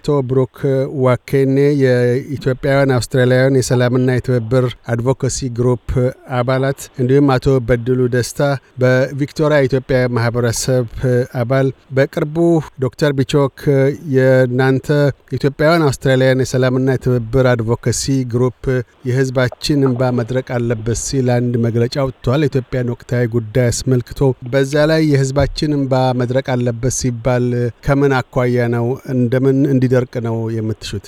አቶ ብሩክ ዋኬኔ የኢትዮጵያውያን አውስትራሊያውያን የሰላምና የትብብር አድቮካሲ ግሩፕ አባላት እንዲሁም አቶ በድሉ ደስታ በቪክቶሪያ ኢትዮጵያ ማህበረሰብ አባል፣ በቅርቡ ዶክተር ቢቾክ የእናንተ ኢትዮጵያውያን አውስትራሊያውያን የሰላምና የትብብር አድቮካሲ ግሩፕ የህዝባችን እንባ መድረቅ አለበት ሲል አንድ መግለጫ አውጥቷል። ኢትዮጵያን ወቅታዊ ጉዳይ አስመልክቶ በዛ ላይ የህዝባችን እንባ መድረቅ አለበት ሲባል ከምን አኳያ ነው እንደምን እንዲ እንዲደርቅ ነው የምትሹት?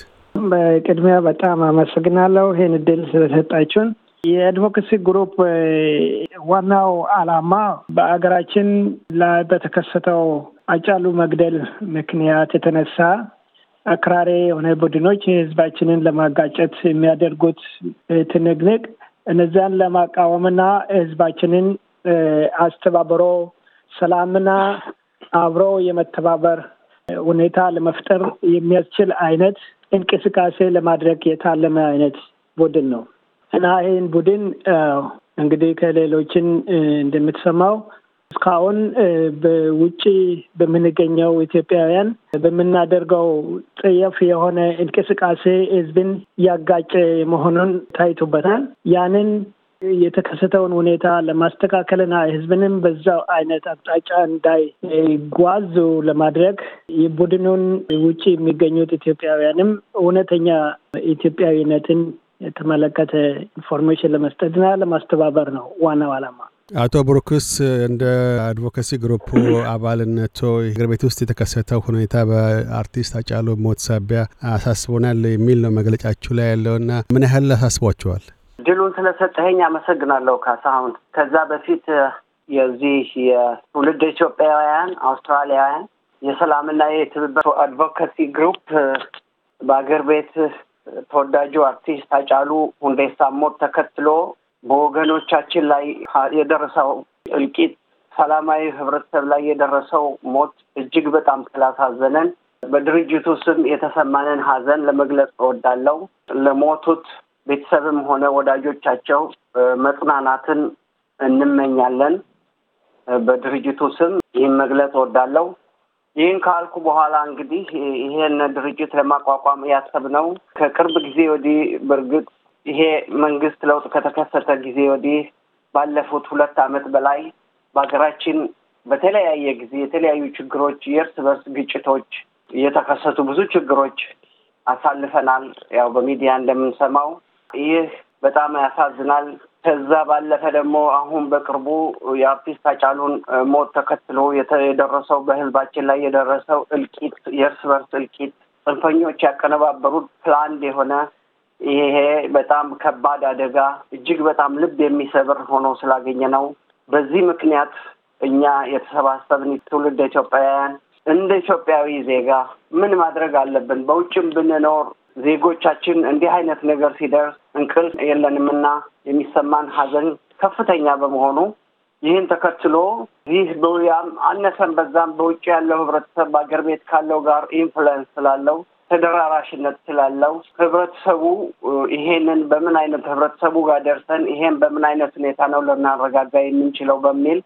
በቅድሚያ በጣም አመሰግናለሁ ይህን እድል ስለሰጣችሁን። የአድቮኬሲ ግሩፕ ዋናው ዓላማ በሀገራችን ላይ በተከሰተው አጫሉ መግደል ምክንያት የተነሳ አክራሪ የሆነ ቡድኖች ህዝባችንን ለማጋጨት የሚያደርጉት ትንቅንቅ እነዚያን ለማቃወምና ህዝባችንን አስተባብሮ ሰላምና አብሮ የመተባበር ሁኔታ ለመፍጠር የሚያስችል አይነት እንቅስቃሴ ለማድረግ የታለመ አይነት ቡድን ነው እና ይህን ቡድን እንግዲህ ከሌሎችን እንደምትሰማው እስካሁን በውጭ በምንገኘው ኢትዮጵያውያን በምናደርገው ጥየፍ የሆነ እንቅስቃሴ ህዝብን እያጋጨ መሆኑን ታይቶበታል። ያንን የተከሰተውን ሁኔታ ለማስተካከልና ህዝብንም በዛው አይነት አቅጣጫ እንዳይጓዙ ለማድረግ የቡድኑን ውጭ የሚገኙት ኢትዮጵያውያንም እውነተኛ ኢትዮጵያዊነትን የተመለከተ ኢንፎርሜሽን ለመስጠትና ለማስተባበር ነው ዋናው ዓላማ። አቶ ብሩክስ እንደ አድቮካሲ ግሩፕ አባልነቶ እግር ቤት ውስጥ የተከሰተው ሁኔታ በአርቲስት አጫሉ ሞት ሳቢያ አሳስቦናል የሚል ነው መግለጫችሁ ላይ ያለውና ምን ያህል አሳስቧችኋል? ድሉን ስለሰጠኸኝ አመሰግናለሁ ካሳሁን። ከዛ በፊት የዚህ የትውልድ ኢትዮጵያውያን አውስትራሊያውያን የሰላምና የትብብር አድቮካሲ ግሩፕ በአገር ቤት ተወዳጁ አርቲስት ሃጫሉ ሁንዴሳ ሞት ተከትሎ በወገኖቻችን ላይ የደረሰው እልቂት፣ ሰላማዊ ህብረተሰብ ላይ የደረሰው ሞት እጅግ በጣም ስላሳዘነን በድርጅቱ ስም የተሰማንን ሀዘን ለመግለጽ እወዳለሁ። ለሞቱት ቤተሰብም ሆነ ወዳጆቻቸው መጽናናትን እንመኛለን። በድርጅቱ ስም ይህን መግለጽ እወዳለሁ። ይህን ካልኩ በኋላ እንግዲህ ይሄን ድርጅት ለማቋቋም ያሰብነው ከቅርብ ጊዜ ወዲህ በእርግጥ ይሄ መንግስት ለውጥ ከተከሰተ ጊዜ ወዲህ ባለፉት ሁለት ዓመት በላይ በሀገራችን በተለያየ ጊዜ የተለያዩ ችግሮች፣ የእርስ በርስ ግጭቶች የተከሰቱ ብዙ ችግሮች አሳልፈናል። ያው በሚዲያ እንደምንሰማው ይህ በጣም ያሳዝናል። ከዛ ባለፈ ደግሞ አሁን በቅርቡ የአርቲስት አጫሉን ሞት ተከትሎ የደረሰው በህዝባችን ላይ የደረሰው እልቂት፣ የእርስ በርስ እልቂት ጽንፈኞች ያቀነባበሩት ፕላንድ የሆነ ይሄ በጣም ከባድ አደጋ እጅግ በጣም ልብ የሚሰብር ሆኖ ስላገኘ ነው። በዚህ ምክንያት እኛ የተሰባሰብን ትውልድ ኢትዮጵያውያን እንደ ኢትዮጵያዊ ዜጋ ምን ማድረግ አለብን? በውጭም ብንኖር ዜጎቻችን እንዲህ አይነት ነገር ሲደርስ እንቅልፍ የለንምና የሚሰማን ሀዘን ከፍተኛ በመሆኑ ይህን ተከትሎ ይህ በውያም አነሰን በዛም በውጭ ያለው ህብረተሰብ በአገር ቤት ካለው ጋር ኢንፍሉዌንስ ስላለው ተደራራሽነት ስላለው ህብረተሰቡ ይሄንን በምን አይነት ህብረተሰቡ ጋር ደርሰን ይሄን በምን አይነት ሁኔታ ነው ልናረጋጋ የምንችለው በሚል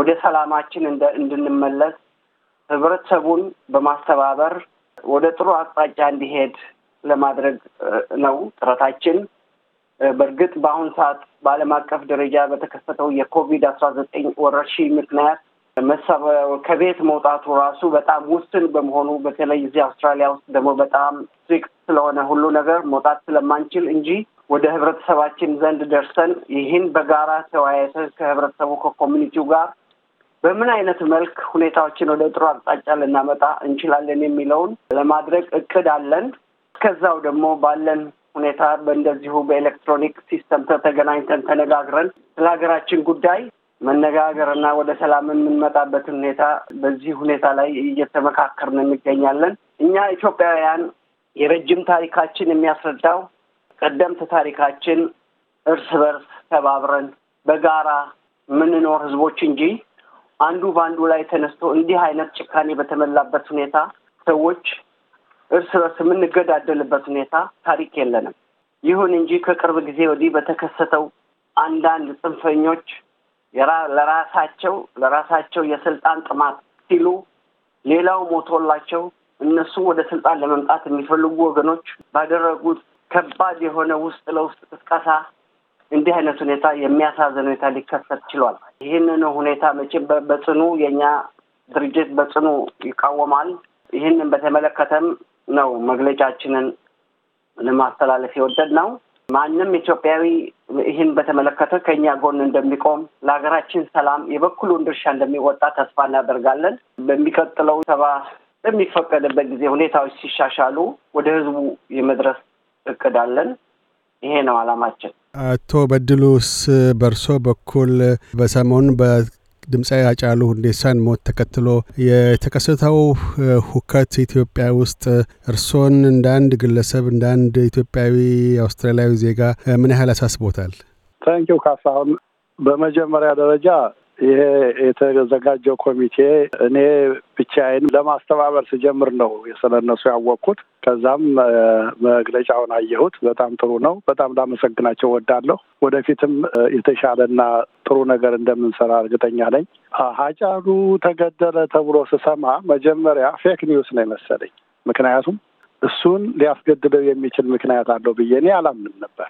ወደ ሰላማችን እንድንመለስ ህብረተሰቡን በማስተባበር ወደ ጥሩ አቅጣጫ እንዲሄድ ለማድረግ ነው ጥረታችን። በእርግጥ በአሁን ሰዓት በዓለም አቀፍ ደረጃ በተከሰተው የኮቪድ አስራ ዘጠኝ ወረርሽኝ ምክንያት ከቤት መውጣቱ ራሱ በጣም ውስን በመሆኑ በተለይ እዚህ አውስትራሊያ ውስጥ ደግሞ በጣም ስትሪክት ስለሆነ ሁሉ ነገር መውጣት ስለማንችል እንጂ ወደ ህብረተሰባችን ዘንድ ደርሰን ይህን በጋራ ተወያይተን ከህብረተሰቡ ከኮሚኒቲው ጋር በምን አይነት መልክ ሁኔታዎችን ወደ ጥሩ አቅጣጫ ልናመጣ እንችላለን የሚለውን ለማድረግ እቅድ አለን። ከዛው ደግሞ ባለን ሁኔታ በእንደዚሁ በኤሌክትሮኒክ ሲስተም ተገናኝተን ተነጋግረን ስለ ሀገራችን ጉዳይ መነጋገርና ወደ ሰላም የምንመጣበትን ሁኔታ በዚህ ሁኔታ ላይ እየተመካከርን እንገኛለን። እኛ ኢትዮጵያውያን የረጅም ታሪካችን የሚያስረዳው ቀደምት ታሪካችን እርስ በርስ ተባብረን በጋራ የምንኖር ህዝቦች እንጂ አንዱ በአንዱ ላይ ተነስቶ እንዲህ አይነት ጭካኔ በተሞላበት ሁኔታ ሰዎች እርስ በርስ የምንገዳደልበት ሁኔታ ታሪክ የለንም። ይሁን እንጂ ከቅርብ ጊዜ ወዲህ በተከሰተው አንዳንድ ጽንፈኞች ለራሳቸው ለራሳቸው የስልጣን ጥማት ሲሉ ሌላው ሞቶላቸው እነሱ ወደ ስልጣን ለመምጣት የሚፈልጉ ወገኖች ባደረጉት ከባድ የሆነ ውስጥ ለውስጥ ቅስቀሳ እንዲህ አይነት ሁኔታ የሚያሳዝን ሁኔታ ሊከሰት ችሏል። ይህንን ሁኔታ መቼም በጽኑ የእኛ ድርጅት በጽኑ ይቃወማል። ይህንን በተመለከተም ነው መግለጫችንን ለማስተላለፍ የወደድ ነው። ማንም ኢትዮጵያዊ ይህን በተመለከተ ከእኛ ጎን እንደሚቆም ለሀገራችን ሰላም የበኩሉን ድርሻ እንደሚወጣ ተስፋ እናደርጋለን። በሚቀጥለው ሰባ በሚፈቀድበት ጊዜ ሁኔታዎች ሲሻሻሉ ወደ ህዝቡ የመድረስ እቅድ አለን። ይሄ ነው አላማችን። አቶ በድሉስ በርሶ በኩል በሰሞኑ ድምፃዊ አጫሉ ሁንዴሳን ሞት ተከትሎ የተከሰተው ሁከት ኢትዮጵያ ውስጥ እርሶን እንደ አንድ ግለሰብ እንደ አንድ ኢትዮጵያዊ አውስትራሊያዊ ዜጋ ምን ያህል አሳስቦታል? ታንኪው ካሳሁን። በመጀመሪያ ደረጃ ይሄ የተዘጋጀው ኮሚቴ እኔ ብቻዬን ለማስተባበር ስጀምር ነው ስለነሱ ያወቅኩት። ከዛም መግለጫውን አየሁት። በጣም ጥሩ ነው። በጣም ላመሰግናቸው ወዳለሁ። ወደፊትም የተሻለና ጥሩ ነገር እንደምንሰራ እርግጠኛ ነኝ። ሀጫሉ ተገደለ ተብሎ ስሰማ መጀመሪያ ፌክ ኒውስ ነው የመሰለኝ። ምክንያቱም እሱን ሊያስገድለው የሚችል ምክንያት አለው ብዬ እኔ አላምንም ነበር።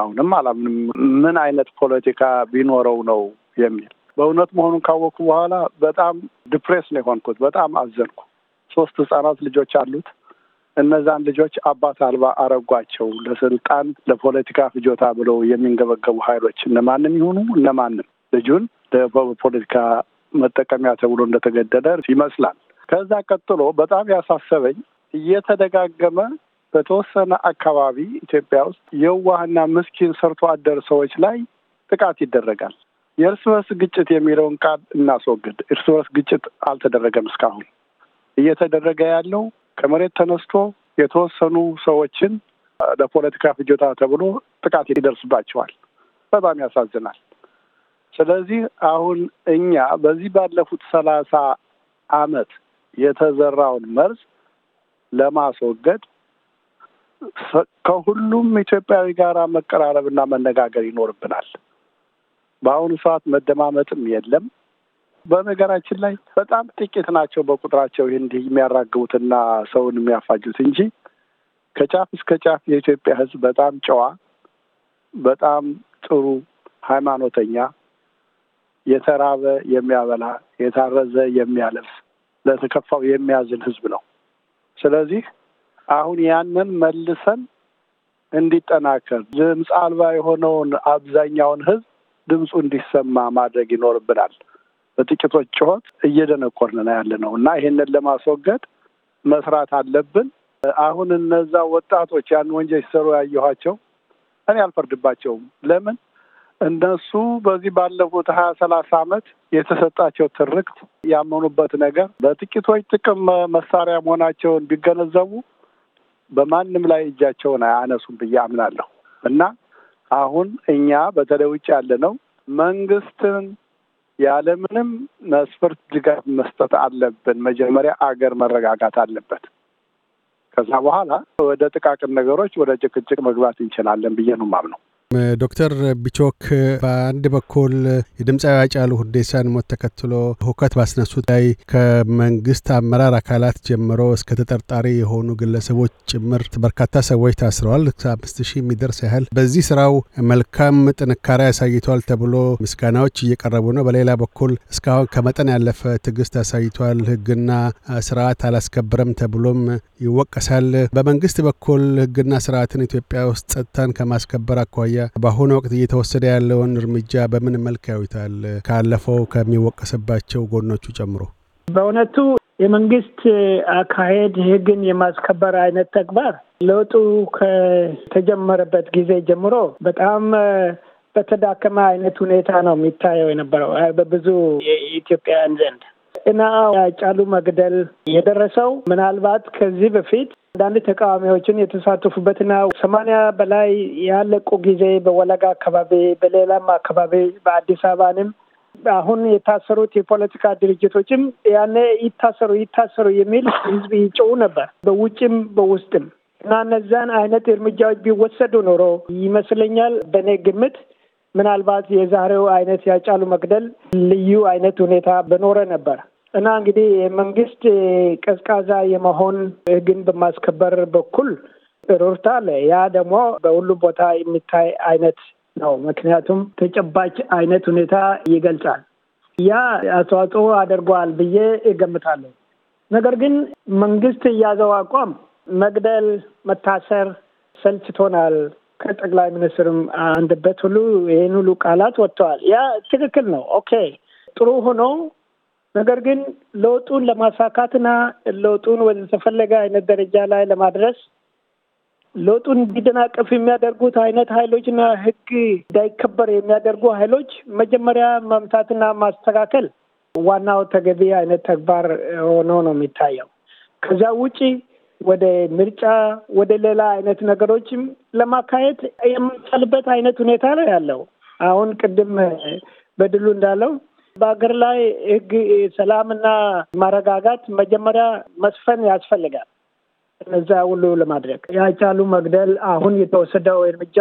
አሁንም አላምንም። ምን አይነት ፖለቲካ ቢኖረው ነው የሚል በእውነት መሆኑን ካወቅኩ በኋላ በጣም ዲፕሬስ ነው የሆንኩት። በጣም አዘንኩ። ሶስት ህጻናት ልጆች አሉት። እነዛን ልጆች አባት አልባ አረጓቸው። ለስልጣን ለፖለቲካ ፍጆታ ብለው የሚንገበገቡ ኃይሎች እነማንም ይሁኑ እነማንም ልጁን ለፖለቲካ መጠቀሚያ ተብሎ እንደተገደለ ይመስላል። ከዛ ቀጥሎ በጣም ያሳሰበኝ እየተደጋገመ በተወሰነ አካባቢ ኢትዮጵያ ውስጥ የዋህና ምስኪን ሰርቶ አደር ሰዎች ላይ ጥቃት ይደረጋል። የእርስ በርስ ግጭት የሚለውን ቃል እናስወግድ። እርስ በርስ ግጭት አልተደረገም። እስካሁን እየተደረገ ያለው ከመሬት ተነስቶ የተወሰኑ ሰዎችን ለፖለቲካ ፍጆታ ተብሎ ጥቃት ይደርስባቸዋል። በጣም ያሳዝናል። ስለዚህ አሁን እኛ በዚህ ባለፉት ሰላሳ አመት የተዘራውን መርዝ ለማስወገድ ከሁሉም ኢትዮጵያዊ ጋር እና መነጋገር ይኖርብናል። በአሁኑ ሰዓት መደማመጥም የለም። በነገራችን ላይ በጣም ጥቂት ናቸው በቁጥራቸው እንዲህ የሚያራግቡትና ሰውን የሚያፋጁት እንጂ ከጫፍ እስከ ጫፍ የኢትዮጵያ ሕዝብ በጣም ጨዋ፣ በጣም ጥሩ፣ ሃይማኖተኛ፣ የተራበ የሚያበላ፣ የታረዘ የሚያለብስ፣ ለተከፋው የሚያዝን ሕዝብ ነው። ስለዚህ አሁን ያንን መልሰን እንዲጠናከር ድምፅ አልባ የሆነውን አብዛኛውን ሕዝብ ድምፁ እንዲሰማ ማድረግ ይኖርብናል። በጥቂቶች ጩኸት እየደነቆርን ነው ያለ ነው እና ይህንን ለማስወገድ መስራት አለብን። አሁን እነዛ ወጣቶች ያን ወንጀል ሲሰሩ ያየኋቸው እኔ አልፈርድባቸውም። ለምን እነሱ በዚህ ባለፉት ሀያ ሰላሳ ዓመት የተሰጣቸው ትርክት ያመኑበት ነገር በጥቂቶች ጥቅም መሳሪያ መሆናቸውን ቢገነዘቡ በማንም ላይ እጃቸውን አያነሱም ብዬ አምናለሁ እና አሁን እኛ በተለይ ውጭ ያለ ነው መንግስትን ያለምንም መስፈርት ድጋፍ መስጠት አለብን። መጀመሪያ አገር መረጋጋት አለበት። ከዛ በኋላ ወደ ጥቃቅን ነገሮች ወደ ጭቅጭቅ መግባት እንችላለን ብዬ ነው የማምነው። ዶክተር ቢቾክ በአንድ በኩል የድምፃዊ ሃጫሉ ሁንዴሳን ሞት ተከትሎ ሁከት ባስነሱት ላይ ከመንግስት አመራር አካላት ጀምሮ እስከ ተጠርጣሪ የሆኑ ግለሰቦች ጭምር በርካታ ሰዎች ታስረዋል። አምስት ሺህ የሚደርስ ያህል በዚህ ስራው መልካም ጥንካሬ አሳይቷል ተብሎ ምስጋናዎች እየቀረቡ ነው። በሌላ በኩል እስካሁን ከመጠን ያለፈ ትዕግስት አሳይቷል፣ ህግና ስርዓት አላስከብረም ተብሎም ይወቀሳል። በመንግስት በኩል ህግና ስርዓትን ኢትዮጵያ ውስጥ ጸጥታን ከማስከበር አኳያ በአሁኑ ወቅት እየተወሰደ ያለውን እርምጃ በምን መልክ ያዩታል? ካለፈው ከሚወቀስባቸው ጎኖቹ ጨምሮ በእውነቱ የመንግስት አካሄድ ህግን የማስከበር አይነት ተግባር ለውጡ ከተጀመረበት ጊዜ ጀምሮ በጣም በተዳከመ አይነት ሁኔታ ነው የሚታየው የነበረው በብዙ የኢትዮጵያውያን ዘንድ እና ጫሉ መግደል የደረሰው ምናልባት ከዚህ በፊት አንዳንድ ተቃዋሚዎችን የተሳተፉበትና ሰማንያ በላይ ያለቁ ጊዜ በወለጋ አካባቢ በሌላም አካባቢ በአዲስ አበባንም አሁን የታሰሩት የፖለቲካ ድርጅቶችም ያኔ ይታሰሩ ይታሰሩ የሚል ህዝብ ይጮው ነበር በውጭም በውስጥም እና እነዛን አይነት እርምጃዎች ቢወሰዱ ኖሮ ይመስለኛል በእኔ ግምት ምናልባት የዛሬው አይነት ያጫሉ መግደል ልዩ አይነት ሁኔታ በኖረ ነበር። እና እንግዲህ መንግስት ቀዝቃዛ የመሆን ህግን በማስከበር በኩል ሩርታ አለ። ያ ደግሞ በሁሉም ቦታ የሚታይ አይነት ነው። ምክንያቱም ተጨባጭ አይነት ሁኔታ ይገልጻል። ያ አስተዋጽኦ አድርጓል ብዬ እገምታለሁ። ነገር ግን መንግስት እያዘው አቋም መግደል፣ መታሰር ሰልችቶናል። ከጠቅላይ ሚኒስትርም አንደበት ሁሉ ይህን ሁሉ ቃላት ወጥተዋል። ያ ትክክል ነው። ኦኬ ጥሩ ሆኖ ነገር ግን ለውጡን ለማሳካትና ለውጡን ወደ ተፈለገ አይነት ደረጃ ላይ ለማድረስ ለውጡን እንዲደናቀፍ የሚያደርጉት አይነት ኃይሎችና ህግ እንዳይከበር የሚያደርጉ ኃይሎች መጀመሪያ መምታትና ማስተካከል ዋናው ተገቢ አይነት ተግባር ሆኖ ነው የሚታየው። ከዛ ውጪ ወደ ምርጫ ወደ ሌላ አይነት ነገሮችም ለማካሄድ የምንቻልበት አይነት ሁኔታ ነው ያለው። አሁን ቅድም በድሉ እንዳለው በሀገር ላይ ህግ፣ ሰላምና ማረጋጋት መጀመሪያ መስፈን ያስፈልጋል። እነዛ ሁሉ ለማድረግ ያቻሉ መግደል አሁን የተወሰደው እርምጃ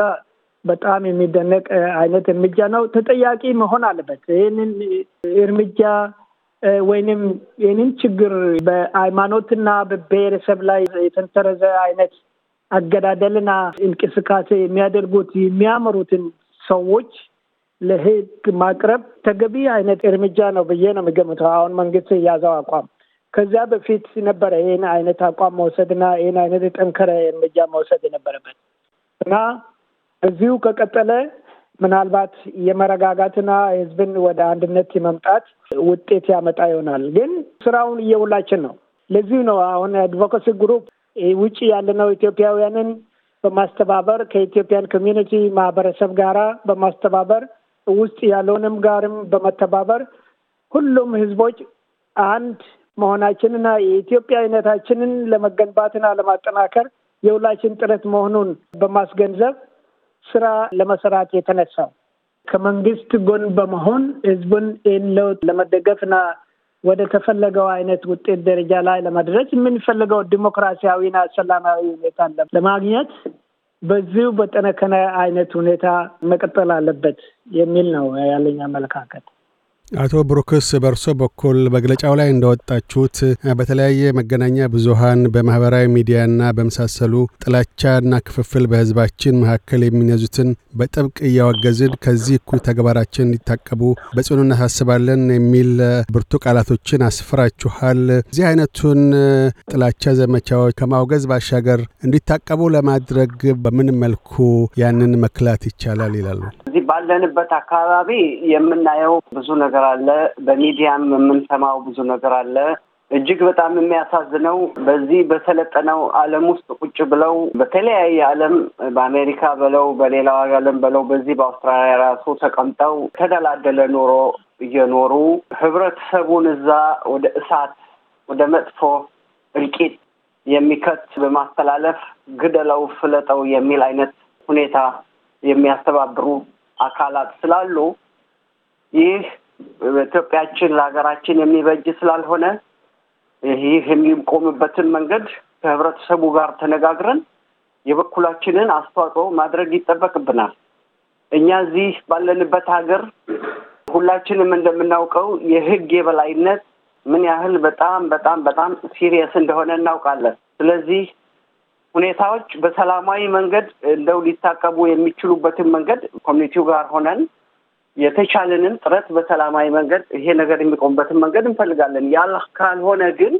በጣም የሚደነቅ አይነት እርምጃ ነው። ተጠያቂ መሆን አለበት። ይህንን እርምጃ ወይንም ይህንን ችግር በሃይማኖትና በብሔረሰብ ላይ የተንተረዘ አይነት አገዳደልና እንቅስቃሴ የሚያደርጉት የሚያመሩትን ሰዎች ለህግ ማቅረብ ተገቢ አይነት እርምጃ ነው ብዬ ነው የሚገምተው። አሁን መንግስት የያዘው አቋም ከዚያ በፊት ነበረ ይህን አይነት አቋም መውሰድና ይህን አይነት የጠንከረ እርምጃ መውሰድ የነበረበት እና እዚሁ ከቀጠለ ምናልባት የመረጋጋትና ህዝብን ወደ አንድነት የመምጣት ውጤት ያመጣ ይሆናል። ግን ስራውን እየውላችን ነው። ለዚሁ ነው አሁን አድቮካሲ ግሩፕ ውጭ ያለነው ኢትዮጵያውያንን በማስተባበር ከኢትዮጵያን ኮሚኒቲ ማህበረሰብ ጋራ በማስተባበር ውስጥ ያለውንም ጋርም በመተባበር ሁሉም ህዝቦች አንድ መሆናችንና የኢትዮጵያ አይነታችንን ለመገንባትና ለማጠናከር የሁላችን ጥረት መሆኑን በማስገንዘብ ስራ ለመስራት የተነሳው ከመንግስት ጎን በመሆን ህዝቡን ይህን ለውጥ ለመደገፍና ወደ ተፈለገው አይነት ውጤት ደረጃ ላይ ለመድረስ የምንፈልገው ዲሞክራሲያዊና ሰላማዊ ሁኔታ ለማግኘት በዚሁ በጠነከነ አይነት ሁኔታ መቀጠል አለበት የሚል ነው ያለኝ አመለካከት። አቶ ብሩክስ በእርሶ በኩል መግለጫው ላይ እንደወጣችሁት በተለያየ መገናኛ ብዙሀን በማህበራዊ ሚዲያና በመሳሰሉ ጥላቻና ክፍፍል በህዝባችን መካከል የሚነዙትን በጥብቅ እያወገዝን ከዚህ እኩይ ተግባራችን እንዲታቀቡ በጽኑ እናሳስባለን የሚል ብርቱ ቃላቶችን አስፍራችኋል። እዚህ አይነቱን ጥላቻ ዘመቻዎች ከማውገዝ ባሻገር እንዲታቀቡ ለማድረግ በምን መልኩ ያንን መክላት ይቻላል ይላሉ። እዚህ ባለንበት አካባቢ የምናየው ብዙ ነገር ነገር አለ። በሚዲያም የምንሰማው ብዙ ነገር አለ። እጅግ በጣም የሚያሳዝነው በዚህ በሰለጠነው ዓለም ውስጥ ቁጭ ብለው በተለያየ ዓለም በአሜሪካ በለው በሌላው ዓለም በለው በዚህ በአውስትራሊያ ራሱ ተቀምጠው ተደላደለ ኑሮ እየኖሩ ህብረተሰቡን እዛ ወደ እሳት ወደ መጥፎ እልቂት የሚከት በማስተላለፍ ግደለው፣ ፍለጠው የሚል አይነት ሁኔታ የሚያስተባብሩ አካላት ስላሉ ይህ በኢትዮጵያችን ለሀገራችን የሚበጅ ስላልሆነ ይህ የሚቆምበትን መንገድ ከህብረተሰቡ ጋር ተነጋግረን የበኩላችንን አስተዋጽኦ ማድረግ ይጠበቅብናል። እኛ እዚህ ባለንበት ሀገር ሁላችንም እንደምናውቀው የህግ የበላይነት ምን ያህል በጣም በጣም በጣም ሲሪየስ እንደሆነ እናውቃለን። ስለዚህ ሁኔታዎች በሰላማዊ መንገድ እንደው ሊታቀቡ የሚችሉበትን መንገድ ኮሚኒቲው ጋር ሆነን የተቻለንን ጥረት በሰላማዊ መንገድ ይሄ ነገር የሚቆምበትን መንገድ እንፈልጋለን። ያ ካልሆነ ግን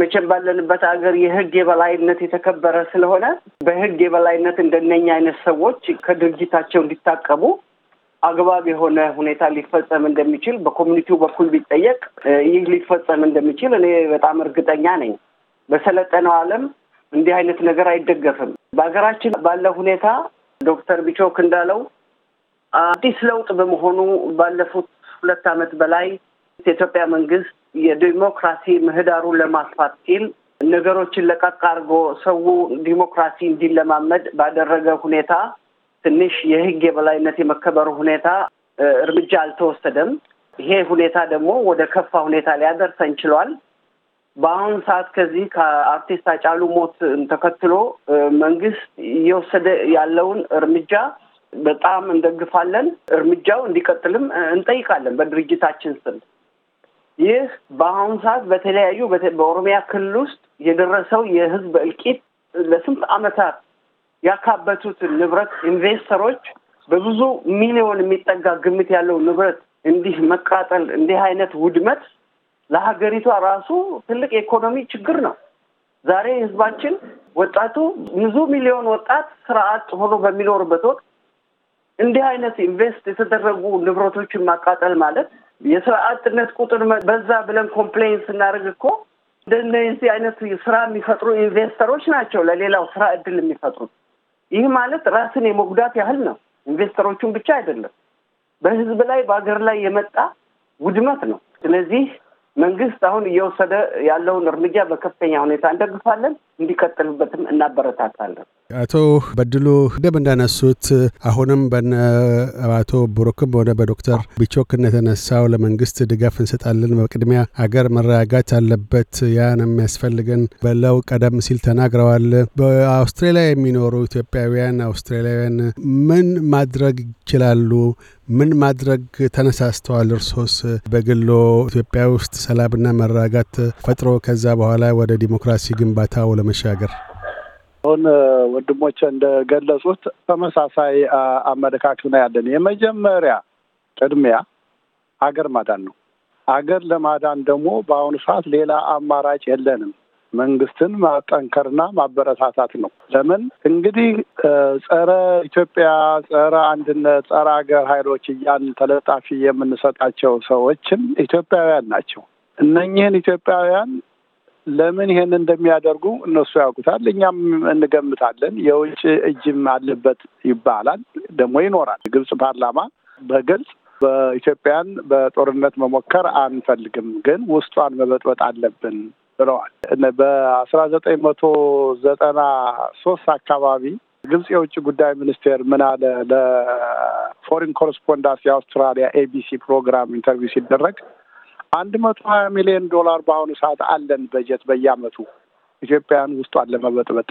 መቼም ባለንበት ሀገር የህግ የበላይነት የተከበረ ስለሆነ በህግ የበላይነት እንደነኛ አይነት ሰዎች ከድርጊታቸው እንዲታቀቡ አግባብ የሆነ ሁኔታ ሊፈጸም እንደሚችል በኮሚኒቲው በኩል ቢጠየቅ ይህ ሊፈጸም እንደሚችል እኔ በጣም እርግጠኛ ነኝ። በሰለጠነው ዓለም እንዲህ አይነት ነገር አይደገፍም። በሀገራችን ባለ ሁኔታ ዶክተር ቢቾክ እንዳለው አዲስ ለውጥ በመሆኑ ባለፉት ሁለት ዓመት በላይ የኢትዮጵያ መንግስት የዲሞክራሲ ምህዳሩን ለማስፋት ሲል ነገሮችን ለቀቅ አድርጎ ሰው ዲሞክራሲ እንዲለማመድ ባደረገ ሁኔታ ትንሽ የህግ የበላይነት የመከበሩ ሁኔታ እርምጃ አልተወሰደም። ይሄ ሁኔታ ደግሞ ወደ ከፋ ሁኔታ ሊያደርሰን ችሏል። በአሁን ሰዓት ከዚህ ከአርቲስት አጫሉ ሞት ተከትሎ መንግስት እየወሰደ ያለውን እርምጃ በጣም እንደግፋለን። እርምጃው እንዲቀጥልም እንጠይቃለን በድርጅታችን ስም። ይህ በአሁኑ ሰዓት በተለያዩ በኦሮሚያ ክልል ውስጥ የደረሰው የህዝብ እልቂት ለስንት ዓመታት ያካበቱትን ንብረት ኢንቨስተሮች በብዙ ሚሊዮን የሚጠጋ ግምት ያለው ንብረት እንዲህ መቃጠል፣ እንዲህ አይነት ውድመት ለሀገሪቷ ራሱ ትልቅ የኢኮኖሚ ችግር ነው። ዛሬ ህዝባችን ወጣቱ ብዙ ሚሊዮን ወጣት ስርዓት ሆኖ በሚኖርበት ወቅት እንዲህ አይነት ኢንቨስት የተደረጉ ንብረቶችን ማቃጠል ማለት የስራ አጥነት ቁጥር በዛ ብለን ኮምፕሌን ስናደርግ እኮ እንደነዚህ አይነት ስራ የሚፈጥሩ ኢንቨስተሮች ናቸው ለሌላው ስራ እድል የሚፈጥሩት። ይህ ማለት ራስን የመጉዳት ያህል ነው። ኢንቨስተሮቹን ብቻ አይደለም፣ በህዝብ ላይ በሀገር ላይ የመጣ ውድመት ነው። ስለዚህ መንግስት አሁን እየወሰደ ያለውን እርምጃ በከፍተኛ ሁኔታ እንደግፋለን። እንዲቀጥልበትም እናበረታታለን። አቶ በድሉ ደም እንዳነሱት አሁንም በነ አቶ ብሩክም ሆነ በዶክተር ቢቾክ እንደተነሳው ለመንግስት ድጋፍ እንሰጣለን፣ በቅድሚያ አገር መረጋጋት አለበት፣ ያ ነው የሚያስፈልገን ብለው ቀደም ሲል ተናግረዋል። በአውስትራሊያ የሚኖሩ ኢትዮጵያውያን አውስትራሊያውያን ምን ማድረግ ይችላሉ? ምን ማድረግ ተነሳስተዋል? እርሶስ በግሎ ኢትዮጵያ ውስጥ ሰላምና መረጋጋት ፈጥሮ ከዛ በኋላ ወደ ዲሞክራሲ ግንባታ ለመሻገር? አሁን ወንድሞች እንደገለጹት ተመሳሳይ አመለካከት ነው ያለን። የመጀመሪያ ቅድሚያ አገር ማዳን ነው። አገር ለማዳን ደግሞ በአሁኑ ሰዓት ሌላ አማራጭ የለንም። መንግስትን ማጠንከርና ማበረታታት ነው። ለምን እንግዲህ ጸረ ኢትዮጵያ፣ ጸረ አንድነት፣ ጸረ ሀገር ኃይሎች እያን ተለጣፊ የምንሰጣቸው ሰዎችም ኢትዮጵያውያን ናቸው። እነኝህን ኢትዮጵያውያን ለምን ይሄን እንደሚያደርጉ እነሱ ያውቁታል፣ እኛም እንገምታለን። የውጭ እጅም አለበት ይባላል፣ ደግሞ ይኖራል። ግብጽ ፓርላማ በግልጽ በኢትዮጵያን በጦርነት መሞከር አንፈልግም፣ ግን ውስጧን መበጥበጥ አለብን ብለዋል። በአስራ ዘጠኝ መቶ ዘጠና ሶስት አካባቢ ግብጽ የውጭ ጉዳይ ሚኒስቴር ምን አለ? ለፎሪን ኮረስፖንዳንስ የአውስትራሊያ ኤቢሲ ፕሮግራም ኢንተርቪው ሲደረግ አንድ መቶ ሀያ ሚሊዮን ዶላር በአሁኑ ሰዓት አለን በጀት በየአመቱ ኢትዮጵያን ውስጧን ለመበጥበጥ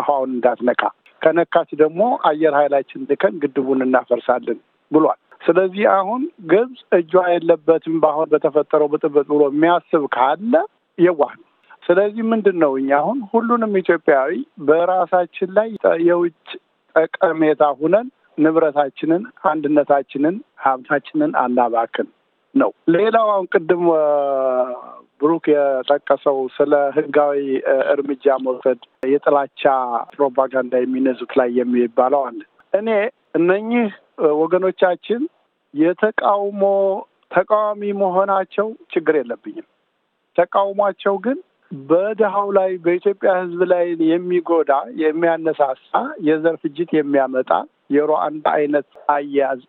አሁን እንዳትነካ ከነካች ደግሞ አየር ኃይላችን ልከን ግድቡን እናፈርሳለን ብሏል። ስለዚህ አሁን ግብፅ እጇ የለበትም በአሁን በተፈጠረው ብጥብጥ ብሎ የሚያስብ ካለ የዋህ ነው። ስለዚህ ምንድን ነው እኛ አሁን ሁሉንም ኢትዮጵያዊ በራሳችን ላይ የውጭ ጠቀሜታ ሁነን ንብረታችንን፣ አንድነታችንን፣ ሀብታችንን አናባክን። ነው። ሌላው አሁን ቅድም ብሩክ የጠቀሰው ስለ ህጋዊ እርምጃ መውሰድ የጥላቻ ፕሮፓጋንዳ የሚነዙት ላይ የሚባለው አለ። እኔ እነኚህ ወገኖቻችን የተቃውሞ ተቃዋሚ መሆናቸው ችግር የለብኝም። ተቃውሟቸው ግን በድሃው ላይ በኢትዮጵያ ህዝብ ላይ የሚጎዳ የሚያነሳሳ የዘር ፍጅት የሚያመጣ የሩዋንዳ አይነት አያያዝ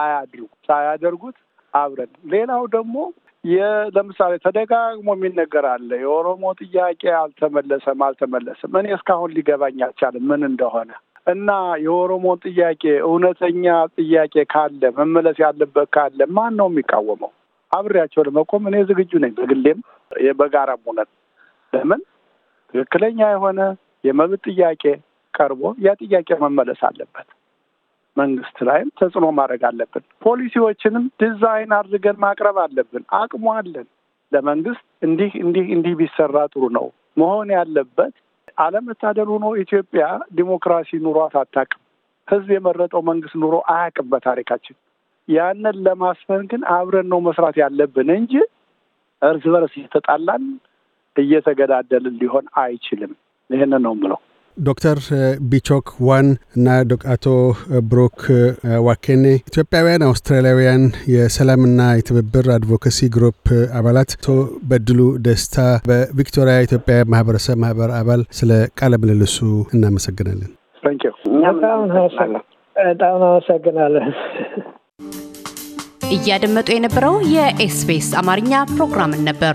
አያድርጉ ሳያደርጉት አብረን ሌላው ደግሞ ለምሳሌ ተደጋግሞ የሚነገር አለ። የኦሮሞ ጥያቄ አልተመለሰም አልተመለሰም። እኔ እስካሁን ሊገባኝ አልቻለም ምን እንደሆነ እና የኦሮሞ ጥያቄ እውነተኛ ጥያቄ ካለ መመለስ ያለበት ካለ ማን ነው የሚቃወመው? አብሬያቸው ለመቆም እኔ ዝግጁ ነኝ። በግሌም በጋራም እውነት ለምን ትክክለኛ የሆነ የመብት ጥያቄ ቀርቦ ያ ጥያቄ መመለስ አለበት። መንግስት ላይ ተጽዕኖ ማድረግ አለብን። ፖሊሲዎችንም ዲዛይን አድርገን ማቅረብ አለብን። አቅሙ አለን። ለመንግስት እንዲህ እንዲህ እንዲህ ቢሰራ ጥሩ ነው መሆን ያለበት። አለመታደል ሆኖ ኢትዮጵያ ዲሞክራሲ ኑሯት አታውቅም። ህዝብ የመረጠው መንግስት ኑሮ አያውቅም በታሪካችን። ያንን ለማስፈን ግን አብረን ነው መስራት ያለብን እንጂ እርስ በርስ እየተጣላን እየተገዳደልን ሊሆን አይችልም። ይህንን ነው የምለው። ዶክተር ቢቾክ ዋን እና አቶ ብሩክ ዋኬኔ ኢትዮጵያውያን አውስትራሊያውያን የሰላምና የትብብር አድቮካሲ ግሩፕ አባላት፣ አቶ በድሉ ደስታ በቪክቶሪያ ኢትዮጵያ ማህበረሰብ ማህበር አባል፣ ስለ ቃለ ምልልሱ እናመሰግናለን። በጣም አመሰግናለን። እያደመጡ የነበረው የኤስቢኤስ አማርኛ ፕሮግራምን ነበር።